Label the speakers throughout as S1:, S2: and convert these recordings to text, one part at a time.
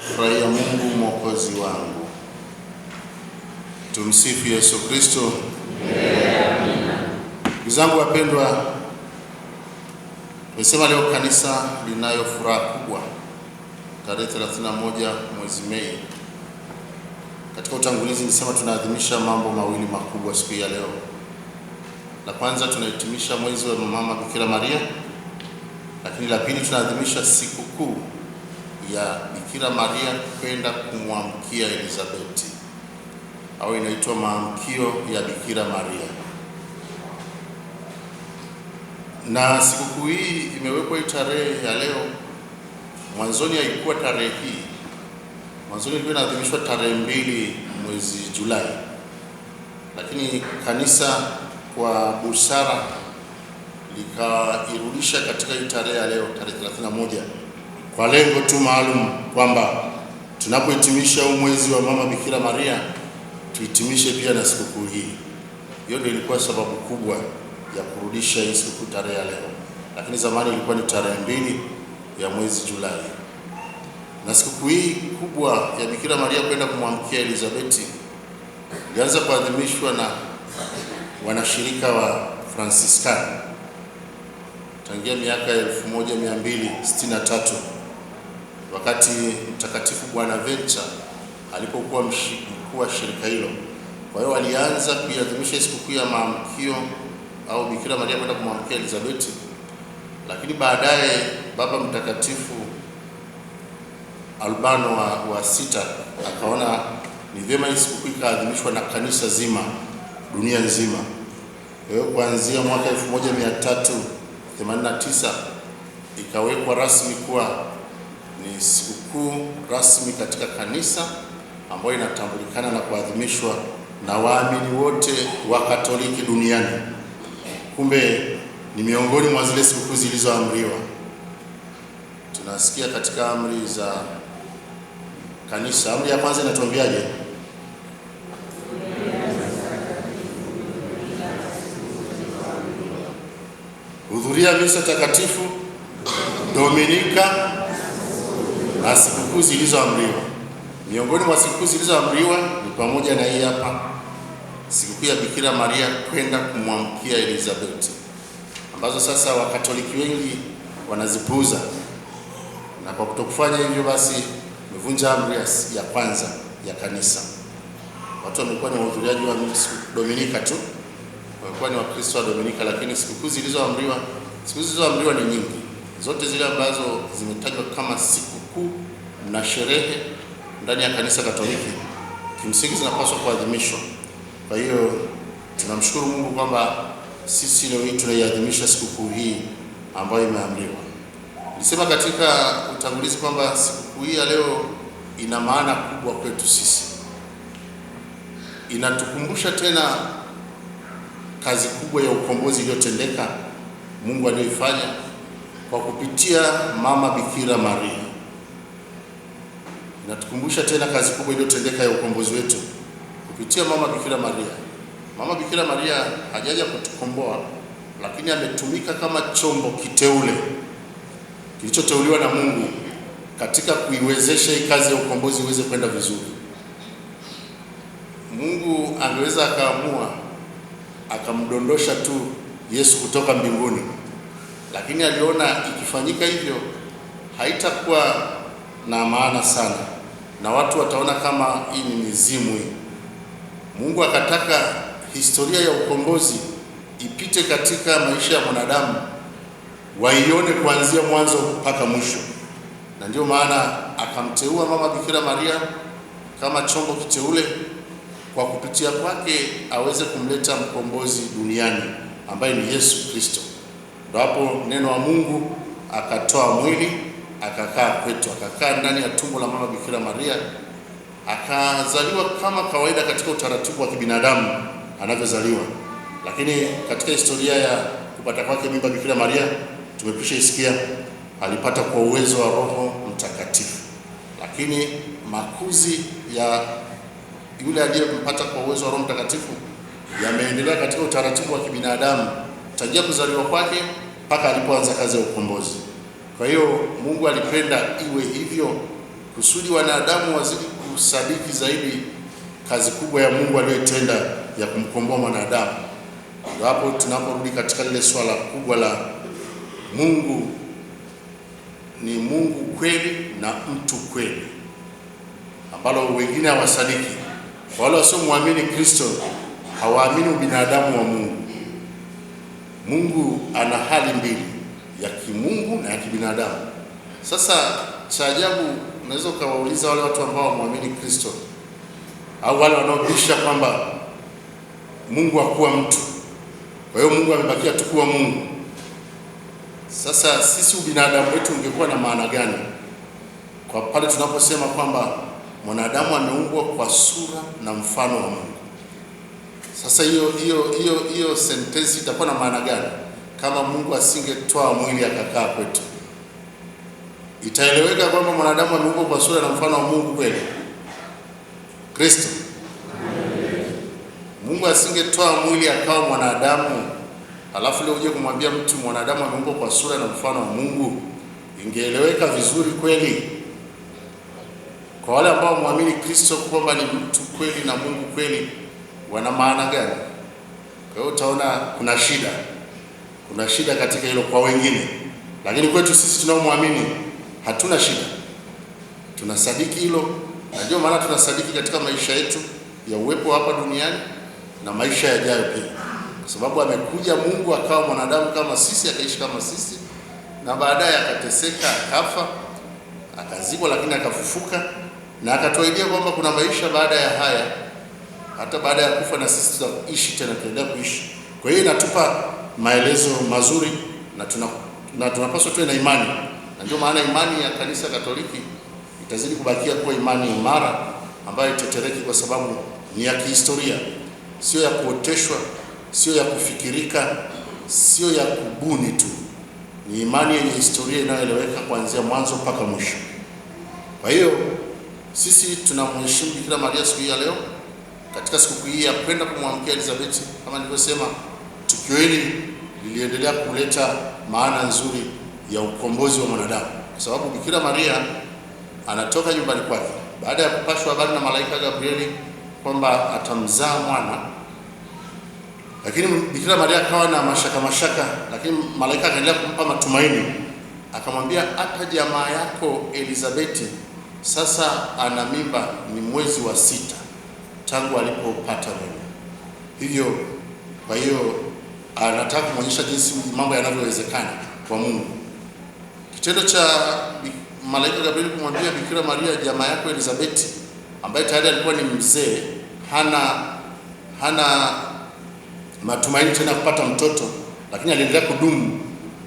S1: Furahia Mungu mwokozi wangu. Tumsifu Yesu Kristo. Ndugu zangu wapendwa, tumesema leo kanisa linayo furaha kubwa, tarehe 31 mwezi Mei. Katika utangulizi nilisema tunaadhimisha mambo mawili makubwa siku ya leo. La kwanza tunahitimisha mwezi wa mama Bikira Maria, lakini la pili tunaadhimisha kuu ya Bikira Maria kwenda kumwamkia Elizabeti au inaitwa maamkio ya Bikira Maria, na sikukuu hii imewekwa hii tarehe ya leo. Mwanzoni haikuwa tarehe hii, mwanzoni ilikuwa inaadhimishwa tarehe mbili mwezi Julai, lakini kanisa kwa busara likairudisha katika hii tarehe ya leo, tarehe 31 kwa lengo tu maalum kwamba tunapohitimisha huu mwezi wa Mama Bikira Maria tuhitimishe pia na sikukuu hii. Hiyo ndio ilikuwa sababu kubwa ya kurudisha hii sikukuu tarehe ya leo, lakini zamani ilikuwa ni tarehe mbili ya mwezi Julai, na sikukuu hii kubwa ya Bikira Maria kwenda kumwamkia Elizabeti ilianza kuadhimishwa na wanashirika wa Franciscan tangia miaka 1263 wakati Mtakatifu Bwana Venture alipokuwa mkuu wa shirika hilo. Kwa hiyo walianza kuiadhimisha sikukuu ya maamkio au Bikira Maria kwenda kumwamkia Elizabeti, lakini baadaye Baba Mtakatifu Albano wa, wa sita akaona ni vyema hii sikukuu ikaadhimishwa na kanisa zima dunia nzima. Kwa hiyo kuanzia mwaka 1389 ikawekwa rasmi kuwa ni sikukuu rasmi katika kanisa ambayo inatambulikana na kuadhimishwa na waamini wote wa Katoliki duniani. Kumbe ni miongoni mwa zile sikukuu zilizoamriwa. Tunasikia katika amri za kanisa, amri ya kwanza inatuambiaje? Hudhuria misa takatifu Dominika na sikukuu zilizoamriwa. Miongoni mwa sikukuu zilizoamriwa ni pamoja na hii hapa, sikukuu ya Bikira Maria kwenda kumwamkia Elizabeti, ambazo sasa Wakatoliki wengi wanazipuuza, na kwa kutokufanya hivyo, basi imevunja amri ya kwanza ya kanisa. Watu wamekuwa ni wahudhuriaji wa Dominika tu, wamekuwa ni Wakristo wa Dominika, lakini sikukuu zilizoamriwa, sikukuu zilizoamriwa ni nyingi, zote zile ambazo zimetajwa kama siku sikukuu na sherehe ndani ya kanisa Katoliki kimsingi zinapaswa kuadhimishwa. Kwa hiyo tunamshukuru Mungu kwamba sisi leo hii tunaiadhimisha sikukuu hii ambayo imeamriwa. Nilisema katika utangulizi kwamba sikukuu hii ya leo ina maana kubwa kwetu sisi, inatukumbusha tena kazi kubwa ya ukombozi iliyotendeka Mungu aliyoifanya kwa kupitia mama Bikira Maria Inatukumbusha tena kazi kubwa iliyotendeka ya ukombozi wetu kupitia mama Bikira Maria. Mama Bikira Maria hajaja kutukomboa, lakini ametumika kama chombo kiteule kilichoteuliwa na Mungu katika kuiwezesha hii kazi ya ukombozi iweze kwenda vizuri. Mungu angeweza akaamua akamdondosha tu Yesu kutoka mbinguni, lakini aliona ikifanyika hivyo haitakuwa na maana sana, na watu wataona kama hii ni mizimu hii. Mungu akataka historia ya ukombozi ipite katika maisha ya mwanadamu, waione kuanzia mwanzo mpaka mwisho, na ndiyo maana akamteua mama Bikira Maria kama chombo kiteule kwa kupitia kwake aweze kumleta mkombozi duniani ambaye ni Yesu Kristo. hapo neno wa Mungu akatoa mwili akakaa kwetu, akakaa ndani ya tumbo la mama Bikira Maria, akazaliwa kama kawaida katika utaratibu wa kibinadamu anavyozaliwa. Lakini katika historia ya kupata kwake mimba Bikira Maria tumekwisha isikia, alipata kwa uwezo wa Roho Mtakatifu, lakini makuzi ya yule aliyempata kwa uwezo wa Roho Mtakatifu yameendelea katika utaratibu wa kibinadamu tangia kuzaliwa kwake mpaka alipoanza kazi ya ukombozi. Kwa hiyo Mungu alipenda iwe hivyo kusudi wanadamu wazidi kusadiki zaidi kazi kubwa ya Mungu aliyotenda ya kumkomboa mwanadamu. Ndio hapo tunaporudi katika lile swala kubwa la Mungu ni Mungu kweli na mtu kweli, ambalo wengine hawasadiki. Kwa wale wasiomwamini Kristo, hawaamini ubinadamu wa Mungu. Mungu ana hali mbili binadamu. Sasa cha ajabu, unaweza ukawauliza wale watu ambao wamwamini Kristo au wale wanaobisha kwamba Mungu hakuwa mtu, kwa hiyo Mungu amebakia tu kuwa Mungu. Sasa sisi ubinadamu wetu ungekuwa na maana gani kwa pale tunaposema kwamba mwanadamu ameumbwa kwa sura na mfano wa Mungu? Sasa hiyo hiyo hiyo hiyo sentensi itakuwa na maana gani kama Mungu asingetoa mwili akakaa kwetu? itaeleweka kwamba mwanadamu ameumbwa kwa sura na mfano wa Mungu kweli? Kristo Mungu asingetoa mwili akawa mwanadamu, alafu leo uje kumwambia mtu mwanadamu ameumbwa kwa sura na mfano wa Mungu, ingeeleweka vizuri kweli kwa wale ambao wamwamini Kristo kwamba ni mtu kweli na Mungu kweli, wana maana gani? Kwa hiyo utaona kuna shida, kuna shida katika hilo kwa wengine, lakini kwetu sisi tunaomwamini hatuna shida, tunasadiki hilo, na ndio maana tunasadiki katika maisha yetu ya uwepo hapa duniani na maisha yajayo pia, kwa sababu amekuja Mungu akawa mwanadamu kama sisi, akaishi kama sisi, na baadaye akateseka, akafa, akazikwa, lakini akafufuka na akatuahidia kwamba kuna maisha baada ya haya, hata baada ya kufa, na sisi tutaishi tena, tutaendelea kuishi. Kwa hiyo inatupa maelezo mazuri na na tunapaswa tuwe na imani na ndio maana imani ya kanisa Katoliki itazidi kubakia kuwa imani imara ambayo itetereki, kwa sababu ni ya kihistoria, sio ya kuoteshwa, sio ya kufikirika, sio ya kubuni tu. Ni imani yenye historia inayoeleweka kuanzia mwanzo mpaka mwisho. Kwa hiyo sisi tunamheshimu Bikira Maria siku hii ya leo, katika siku hii ya kwenda kumwamkia Elizabeth. Kama nilivyosema, tukio hili liliendelea kuleta maana nzuri ya ukombozi wa mwanadamu, kwa sababu Bikira Maria anatoka nyumbani kwake baada ya kupashwa habari na malaika Gabrieli kwamba atamzaa mwana, lakini Bikira Maria akawa na mashaka mashaka, lakini malaika akaendelea kumpa matumaini, akamwambia hata jamaa yako Elizabeti sasa ana mimba, ni mwezi wa sita tangu alipopata mimba. Hivyo kwa hiyo anataka kumwonyesha jinsi mambo yanavyowezekana kwa Mungu. Kitendo cha malaika Gabrieli kumwambia Bikira Maria, jamaa yako Elizabeti ambaye tayari alikuwa ni mzee, hana hana matumaini tena kupata mtoto, lakini aliendelea kudumu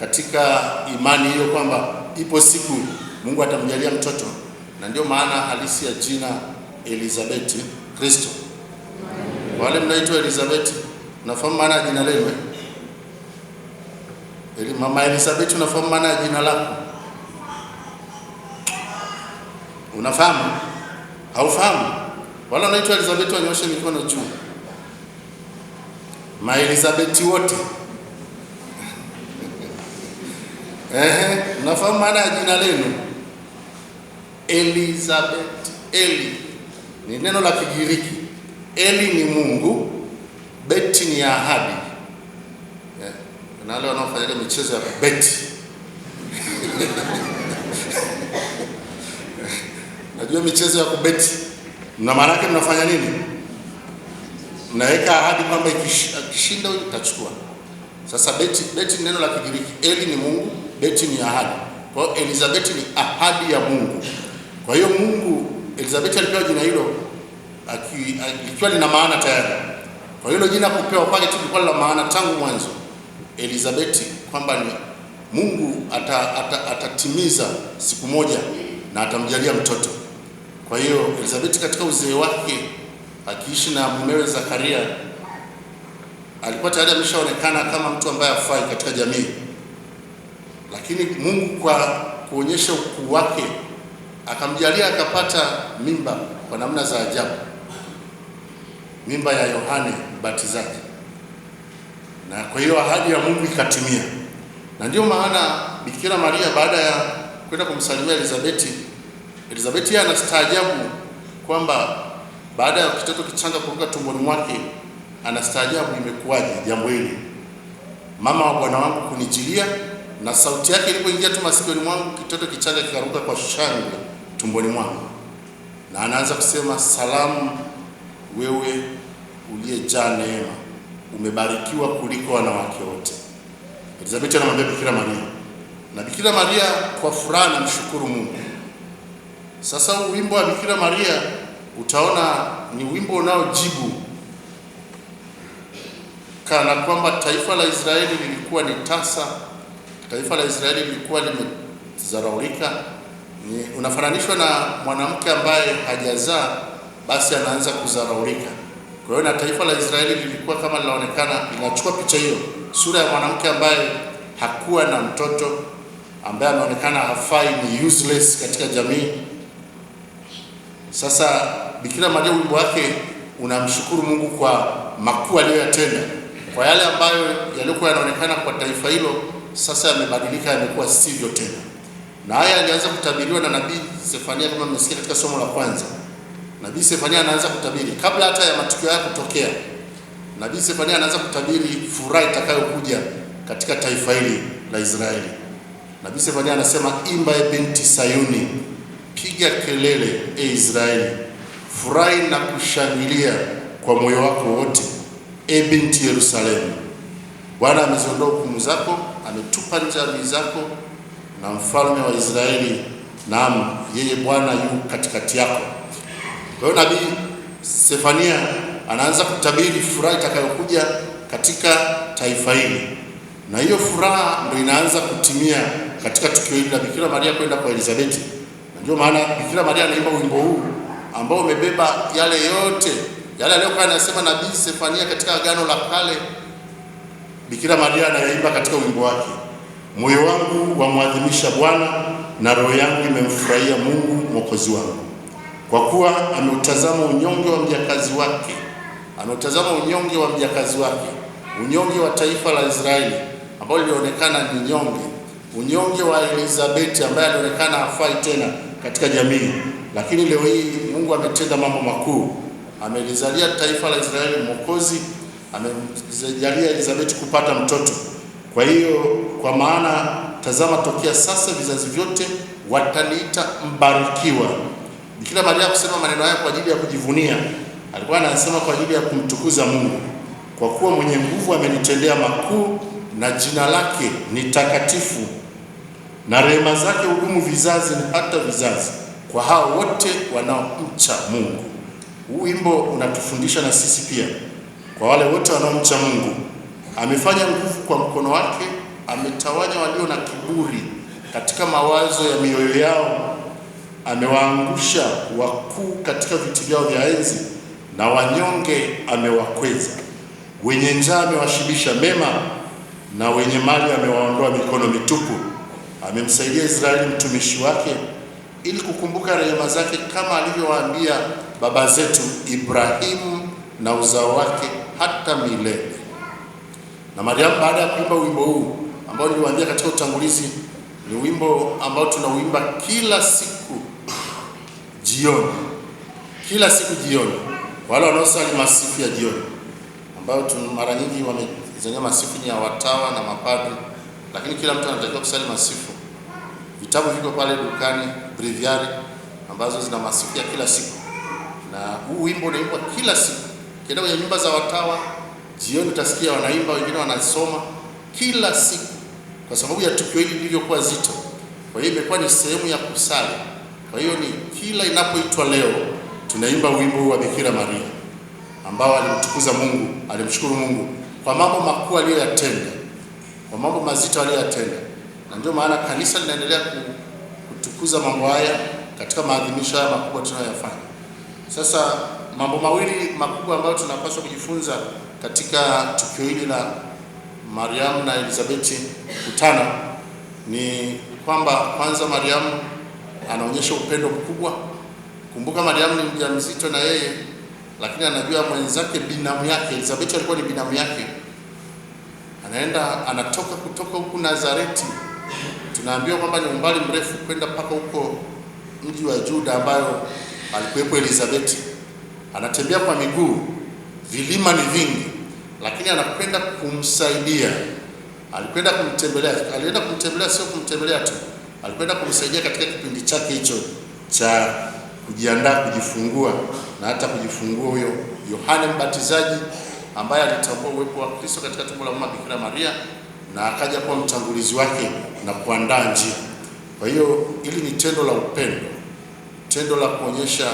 S1: katika imani hiyo kwamba ipo siku Mungu atamjalia mtoto, na ndio maana halisi ya jina Elizabeti Kristo. Wale mnaitwa Elizabeti, nafahamu maana ya jina lenu eh? Eli Mama Elizabeth, unafahamu maana ya jina lako? Unafahamu? Haufahamu? Wala unaitwa Elizabeth, wanyoshe mikono juu. Ma Elizabeth wote. Eh, unafahamu maana ya jina lenu? Elizabeth, Eli ni neno la Kigiriki. Eli ni Mungu, Beti ni ahadi na wale ile michezo ya beti najua michezo ya kubeti na maana yake mnafanya nini? Mnaweka ahadi kwamba ikishinda huyu utachukua. Sasa beti, beti ni neno la Kigiriki. Eli ni Mungu, beti ni ahadi. Kwa hiyo Elizabeth ni ahadi ya Mungu. Kwa hiyo Mungu, Elizabeth alipewa jina hilo likiwa lina maana tayari. Kwa hiyo hilo jina kupewa kwake tulikuwa la maana tangu mwanzo. Elizabeti kwamba ni Mungu atatimiza ata, ata siku moja na atamjalia mtoto. Kwa hiyo Elizabeti katika uzee wake akiishi na mumewe Zakaria alikuwa tayari ameshaonekana kama mtu ambaye afai katika jamii, lakini Mungu kwa kuonyesha ukuu wake akamjalia akapata mimba kwa namna za ajabu, mimba ya Yohane Mbatizaji na kwa hiyo ahadi ya Mungu ikatimia, na ndio maana Bikira Maria baada ya kwenda kumsalimia Elizabeti, Elizabeth yeye anastaajabu kwamba baada ya kitoto kichanga kutoka tumboni mwake anastaajabu, imekuwaje jambo hili, mama wa bwana wangu kunijilia. Na sauti yake ilipoingia tu masikioni mwangu, kitoto kichanga kikaruka kwa shangwe tumboni mwangu, na anaanza kusema, salamu wewe uliyejaa neema umebarikiwa kuliko wanawake wote. Elizabeti anamwambia Bikira Maria, na Bikira Maria kwa furaha anamshukuru Mungu. Sasa huu wimbo wa Bikira Maria utaona ni wimbo unaojibu kana kwamba taifa la Israeli lilikuwa ni tasa, taifa la Israeli lilikuwa limezaraulika. Unafananishwa na mwanamke ambaye hajazaa, basi anaanza kuzaraulika. Kwa hiyo na taifa la Israeli lilikuwa kama linaonekana, linachukua picha hiyo, sura ya mwanamke ambaye hakuwa na mtoto, ambaye ameonekana hafai, ni useless katika jamii. Sasa Bikira Maria, wimbo wake unamshukuru Mungu kwa makuu aliyoyatenda, kwa yale ambayo yalikuwa yanaonekana kwa taifa hilo, sasa yamebadilika, yamekuwa sivyo tena, na haya alianza kutabiriwa na nabii Zefania, kama mmesikia katika somo la kwanza Nabii Sefania anaanza kutabiri kabla hata ya matukio haya kutokea. Nabii Sefania anaanza kutabiri furaha itakayokuja katika taifa hili la Israeli. Nabii Sefania anasema, imba e binti Sayuni, piga kelele e Israeli, furahi na kushangilia kwa moyo wako wote, e binti Yerusalemu. Bwana ameziondoa hukumu zako, ametupa nje adui zako, na mfalme wa Israeli, naam, yeye Bwana yu katikati yako. Kwa hiyo nabii Sefania anaanza kutabiri furaha itakayokuja katika taifa hili, na hiyo furaha ndio inaanza kutimia katika tukio hili la Bikira Maria kwenda kwa Elizabeti. Ndio maana Bikira Maria anaimba wimbo huu ambao umebeba yale yote yale aliyokuwa anasema nabii Sefania katika Agano la Kale. Bikira Maria anayaimba katika wimbo wake, moyo wangu wamwadhimisha Bwana na roho yangu imemfurahia Mungu mwokozi wangu kwa kuwa ameutazama unyonge wa mjakazi wake, ameutazama unyonge wa mjakazi wake, unyonge wa taifa la Israeli ambao lilionekana ni nyonge, unyonge wa Elizabeti ambaye alionekana hafai tena katika jamii, lakini leo hii Mungu ametenda mambo makuu. Amelizalia taifa la Israeli mwokozi, amejalia Elizabeti kupata mtoto. Kwa hiyo, kwa maana tazama, tokea sasa vizazi vyote wataniita mbarikiwa ni kila baada ya kusema maneno haya kwa ajili ya kujivunia, alikuwa anasema kwa ajili ya kumtukuza Mungu, kwa kuwa mwenye nguvu amenitendea makuu, na jina lake ni takatifu, na rehema zake hudumu vizazi hata vizazi, kwa hao wote wanaomcha Mungu. Huu wimbo unatufundisha na sisi pia, kwa wale wote wanaomcha Mungu. Amefanya nguvu kwa mkono wake, ametawanya walio na kiburi katika mawazo ya mioyo yao amewaangusha wakuu katika viti vyao vya enzi, na wanyonge amewakweza. Wenye njaa amewashibisha mema, na wenye mali amewaondoa mikono mitupu. Amemsaidia Israeli mtumishi wake, ili kukumbuka rehema zake, kama alivyowaambia baba zetu Ibrahimu na uzao wake hata milele. Na Mariamu baada ya kuimba wimbo huu ambao niliwaambia katika utangulizi, ni wimbo ambao tunauimba kila siku jioni, kila siku jioni, wale wanaosali masifu ya jioni ambayo mara nyingi wamezanya masifu ya watawa na mapadri, lakini kila mtu anatakiwa kusali masifu. Vitabu viko pale dukani, breviary ambazo zina masifu ya kila siku, na huu wimbo unaimbwa kila siku. kienda kwenye nyumba za watawa jioni, utasikia wanaimba, wengine wanasoma kila siku, kwa sababu ya tukio hili lilivyokuwa zito. Kwa hiyo imekuwa ni sehemu ya kusali. Kwa hiyo ni kila inapoitwa leo tunaimba wimbo wa Bikira Maria ambao alimtukuza Mungu, alimshukuru Mungu kwa mambo makuu aliyoyatenda, kwa mambo mazito aliyoyatenda, na ndio maana kanisa linaendelea kutukuza mambo haya katika maadhimisho haya makubwa tunayoyafanya. Sasa mambo mawili makubwa ambayo tunapaswa kujifunza katika tukio hili la Mariamu na Elizabeti kutana ni kwamba kwanza Mariamu anaonyesha upendo mkubwa. Kumbuka Mariamu ni mjamzito na yeye, lakini anajua mwenzake, binamu yake Elizabeth alikuwa ni binamu yake, anaenda anatoka kutoka huku Nazareti, tunaambiwa kwamba ni umbali mrefu kwenda mpaka huko mji wa Juda ambayo alikuwepo Elizabeth. Anatembea kwa miguu, vilima ni vingi, lakini anakwenda kumsaidia. Alikwenda kumtembelea, alienda kumtembelea, sio kumtembelea tu alikwenda kumsaidia katika kipindi chake hicho cha kujiandaa kujifungua na hata kujifungua huyo Yohane Mbatizaji ambaye alitambua uwepo wa Kristo katika tumbo la mama Bikira Maria na akaja kuwa mtangulizi wake na kuandaa njia. Kwa hiyo hili ni tendo la upendo, tendo la kuonyesha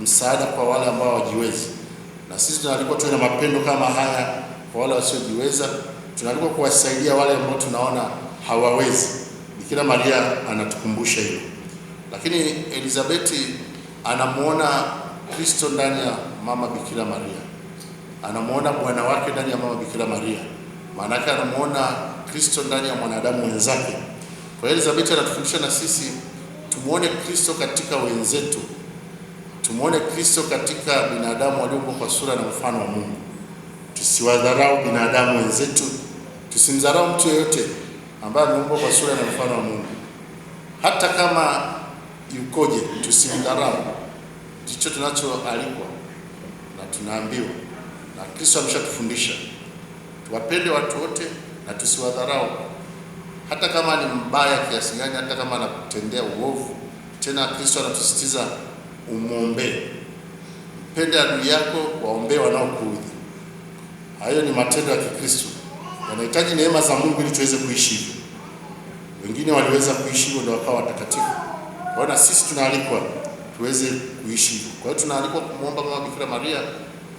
S1: msaada kwa wale ambao hawajiwezi, na sisi tunalikuwa tuwe na mapendo kama haya kwa wale wasiojiweza. tunalikuwa kuwasaidia wale ambao tunaona hawawezi. Bikira Maria anatukumbusha hilo, lakini Elizabeti anamwona Kristo ndani ya mama Bikira Maria, anamwona Bwana wake ndani ya mama Bikira Maria, maanake anamwona Kristo ndani ya mwanadamu wenzake. Kwa hiyo Elizabeti anatufundisha na sisi tumwone Kristo katika wenzetu, tumwone Kristo katika binadamu walioumbwa kwa sura na mfano wa Mungu. Tusiwadharau binadamu wenzetu, tusimdharau mtu yeyote ambaye ameumbwa kwa sura na mfano wa Mungu. Hata kama yukoje, tusimdharau. Ndicho tunachoalikwa na tunaambiwa na Kristo ameshatufundisha, tuwapende watu wote na tusiwadharau, hata kama ni mbaya kiasi gani, hata kama anakutendea uovu. Tena Kristo anatusisitiza umwombee, mpende adui yako, waombee wanaokuudhi. Hayo ni matendo ya Kikristo, yanahitaji neema za Mungu ili tuweze kuishi hivyo. Wengine waliweza kuishi hivyo ndio wakawa watakatifu. Kwa hiyo sisi tunaalikwa tuweze kuishi hivyo. Kwa hiyo tunaalikwa kumwomba mama Bikira Maria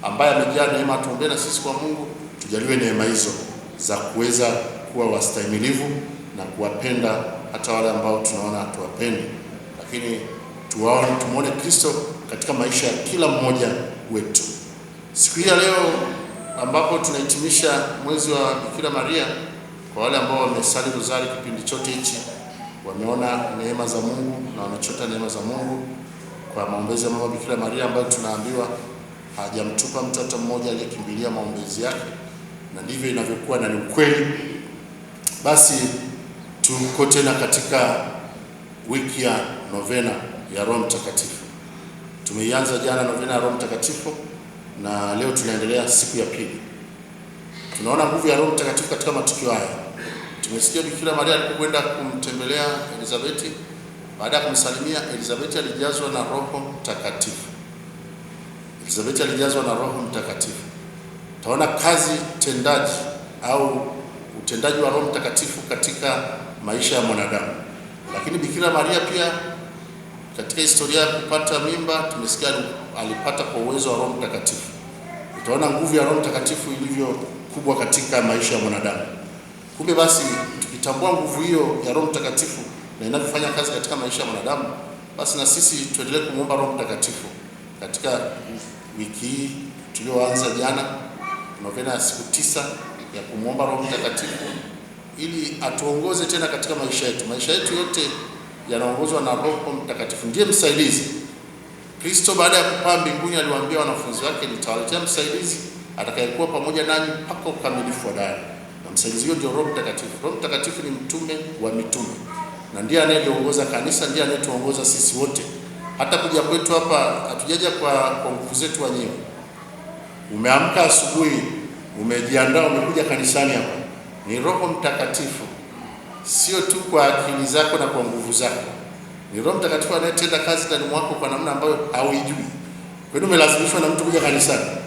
S1: ambaye amejaa neema, atuombee na sisi kwa Mungu tujaliwe neema hizo za kuweza kuwa wastahimilivu na kuwapenda hata wale ambao tunaona hatuwapendi, lakini tuwaone, tumwone Kristo katika maisha ya kila mmoja wetu. Siku hii ya leo ambapo tunahitimisha mwezi wa Bikira Maria kwa wale ambao wamesali rozari kipindi chote hichi, wameona neema za Mungu na wamechota neema za Mungu kwa maombezi ya mama Bikira Maria ambayo tunaambiwa hajamtupa mtu hata mmoja aliyekimbilia maombezi yake, na ndivyo inavyokuwa na ni ukweli. Basi tuko tena katika wiki ya novena ya Roho Mtakatifu. Tumeianza jana novena ya Roho Mtakatifu na leo tunaendelea siku ya pili. Tunaona nguvu ya Roho Mtakatifu katika matukio haya. Tumesikia Bikira Maria alipokwenda kumtembelea Elizabeti, baada ya kumsalimia Elizabeti alijazwa na Roho Mtakatifu. Elizabeti alijazwa na Roho Mtakatifu. Utaona kazi tendaji au utendaji wa Roho Mtakatifu katika maisha ya mwanadamu. Lakini Bikira Maria pia katika historia ya kupata mimba tumesikia alipata kwa uwezo wa Roho Mtakatifu. Utaona nguvu ya Roho Mtakatifu ilivyo kubwa katika maisha ya mwanadamu. Kumbe basi tukitambua nguvu hiyo ya Roho Mtakatifu na inavyofanya kazi katika maisha ya mwanadamu, basi na sisi tuendelee kumwomba Roho Mtakatifu katika wiki hii tulioanza jana, novena ya siku tisa ya kumwomba Roho Mtakatifu ili atuongoze tena katika maisha yetu. Maisha yetu yote yanaongozwa na Roho Mtakatifu, ndiye msaidizi. Kristo baada ya kupaa mbinguni aliwaambia wanafunzi wake, nitawaletea msaidizi atakayekuwa pamoja nanyi mpaka ukamilifu wa dai msaidizi huyo ndio Roho Mtakatifu. Roho Mtakatifu ni mtume wa mitume na ndiye anayeliongoza kanisa, ndiye anayetuongoza sisi wote. Hata kuja kwetu hapa hatujaja kwa kwa nguvu zetu wenyewe. Umeamka asubuhi, umejiandaa, umekuja kanisani hapa, ni Roho Mtakatifu, sio tu kwa akili zako na kwa nguvu zako. Ni Roho Mtakatifu anayetenda kazi ndani mwako kwa namna ambayo hauijui. Kwa hiyo umelazimishwa na mtu kuja kanisani